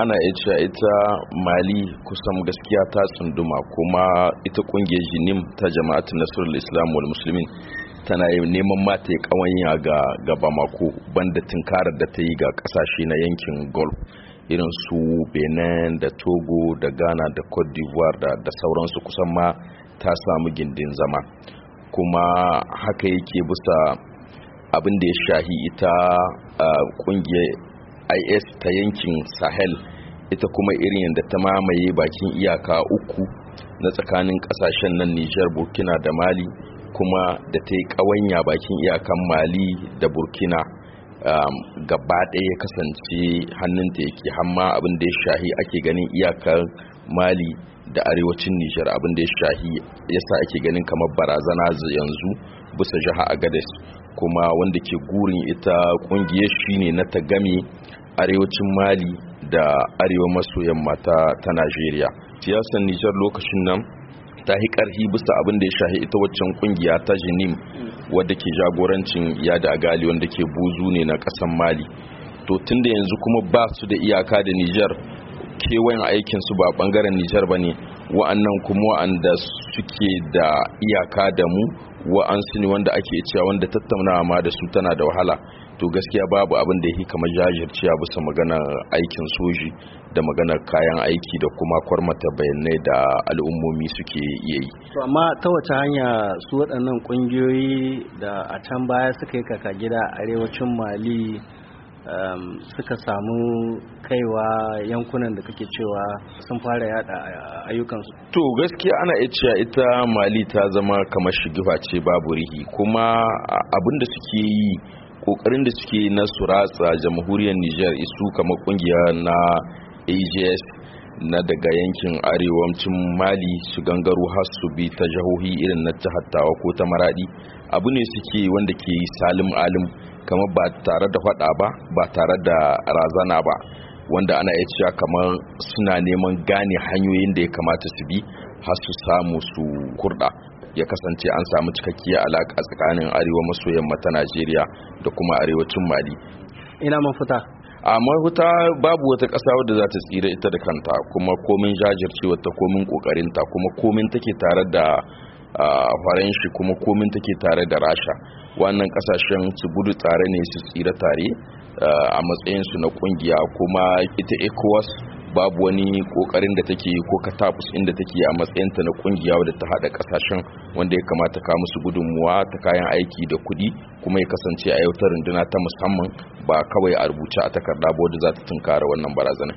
ana iya cewa ita mali kusan gaskiya ta tsunduma kuma ita kungiyar jinim ta jama'atun nasarar islam wal musulmin tana neman mata ya kawanya ga gaba mako banda tunkarar da ta yi ga kasashe na yankin golf irin su benin da togo da ghana da cote d'ivoire da sauransu kusan ma ta samu gindin zama kuma haka yake bisa abin da ya shahi ita ah, kungiyar is ta yankin sahel ita kuma irin yadda ta mamaye bakin iyaka uku na tsakanin kasashen nan nijar burkina da mali kuma da ta yi kawanya bakin iyakan mali da burkina um, gaba ɗaya ya kasance hannunta yake hamma abin da ya shahi ake ganin iyakar mali da arewacin nijar abin da ya shahi yasa ake ganin kamar barazana yanzu bisa jiha a agadez kuma wanda ke gurin ita kungiyar shine na tagami arewacin mali da arewa maso yamma ta najeriya siyasar nijar lokacin nan ta yi karhi bisa abin da ya shahi ita waccan kungiya ta jinim wadda ke jagorancin yada agali wanda ke buzu ne na kasan mali to tun da yanzu kuma ba su da iyaka da nijar kewayen aikin su ba bangaren nijar ba ne wa'annan kuma wa'anda suke da iyaka da mu wa an sini wanda ake cewa wanda tattaunawa ma da su tana da wahala to gaskiya babu abin da yake kamar jajircewa bisa maganar aikin soji da maganar kayan aiki da kuma kwarmata bayanai da al'ummomi suke iya yi to amma ta wace hanya su waɗannan ƙungiyoyi da a can baya suka yi kaka gida arewacin mali Ehm, suka samu kaiwa yankunan da kake cewa sun fara yada ayyukansu to gaskiya ana iya cewa ita mali ta zama kamar shigifa ce babu rihi kuma abin da suke yi kokarin da suke na Suratsa ratsa jamhuriyar niger isu kamar kungiya na AJS na daga yankin arewacin mali su gangaro har su bi ta jihohi irin na jihattawa ko ta maradi abu ne suke wanda ke salim alim kamar ba tare da fada ba ba tare da razana ba wanda ana iya cewa kamar suna neman gane hanyoyin da ya kamata su bi har su samu su kurda ya kasance an samu cikakkiya alaƙa tsakanin arewa maso yamma ta najeriya da kuma arewacin mali ina mafuta a mahuta babu wata ƙasa wadda za ta tsira ita da kanta kuma komin jajircewa ta komin ƙoƙarinta kuma komin take tare da faran shi kuma komin take tare da rasha wannan ƙasashen su gudu tare ne su tsira tare a matsayinsu na ƙungiya kuma ita ecowas babu wani kokarin da take ko katabus inda take a matsayinta na kungiya wadda ta hada kasashen wanda ya kamata ka musu gudunmuwa ta kayan aiki da kudi kuma ya kasance a yau ta runduna ta musamman ba kawai a rubuce a takarda ba wadda za ta tunkara wannan barazana